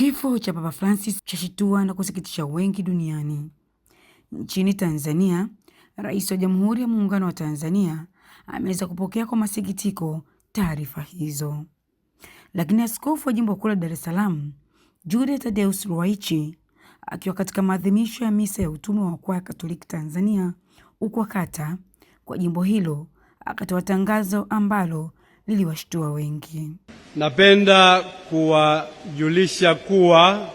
Kifo cha Papa Francis chashitua na kusikitisha wengi duniani. Nchini Tanzania, Rais wa Jamhuri ya Muungano wa Tanzania ameweza kupokea kwa masikitiko taarifa hizo, lakini askofu wa jimbo kuu la Dar es Salaam Jude Tadeus Ruwaichi akiwa katika maadhimisho ya misa ya utume wa kwaya Katoliki Tanzania UKWAKATA kwa jimbo hilo akatoa tangazo ambalo liliwashtua wengi. Napenda kuwajulisha kuwa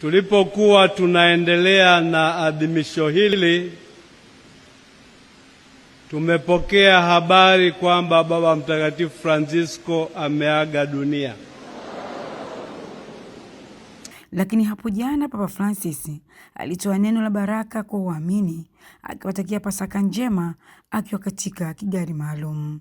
tulipokuwa tunaendelea na adhimisho hili tumepokea habari kwamba Baba Mtakatifu Francisco ameaga dunia. Lakini hapo jana Papa Francis alitoa neno la baraka kwa waamini akiwatakia Pasaka njema akiwa katika kigari maalum.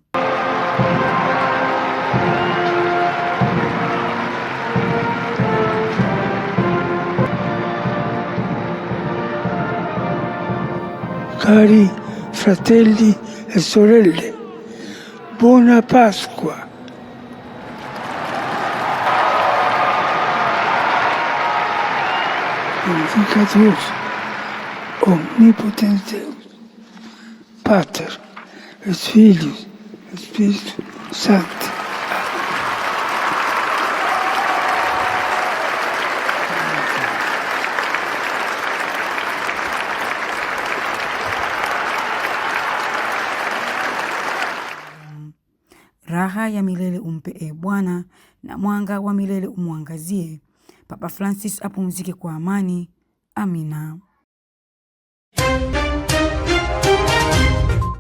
Cari fratelli e sorelle, buona Pasqua. Significa Dios, omnipotente Deus, Pater, os Filhos, Espírito Santo. Raha ya milele umpe, E Bwana, na mwanga wa milele umwangazie Papa Francis apumzike kwa amani. Amina.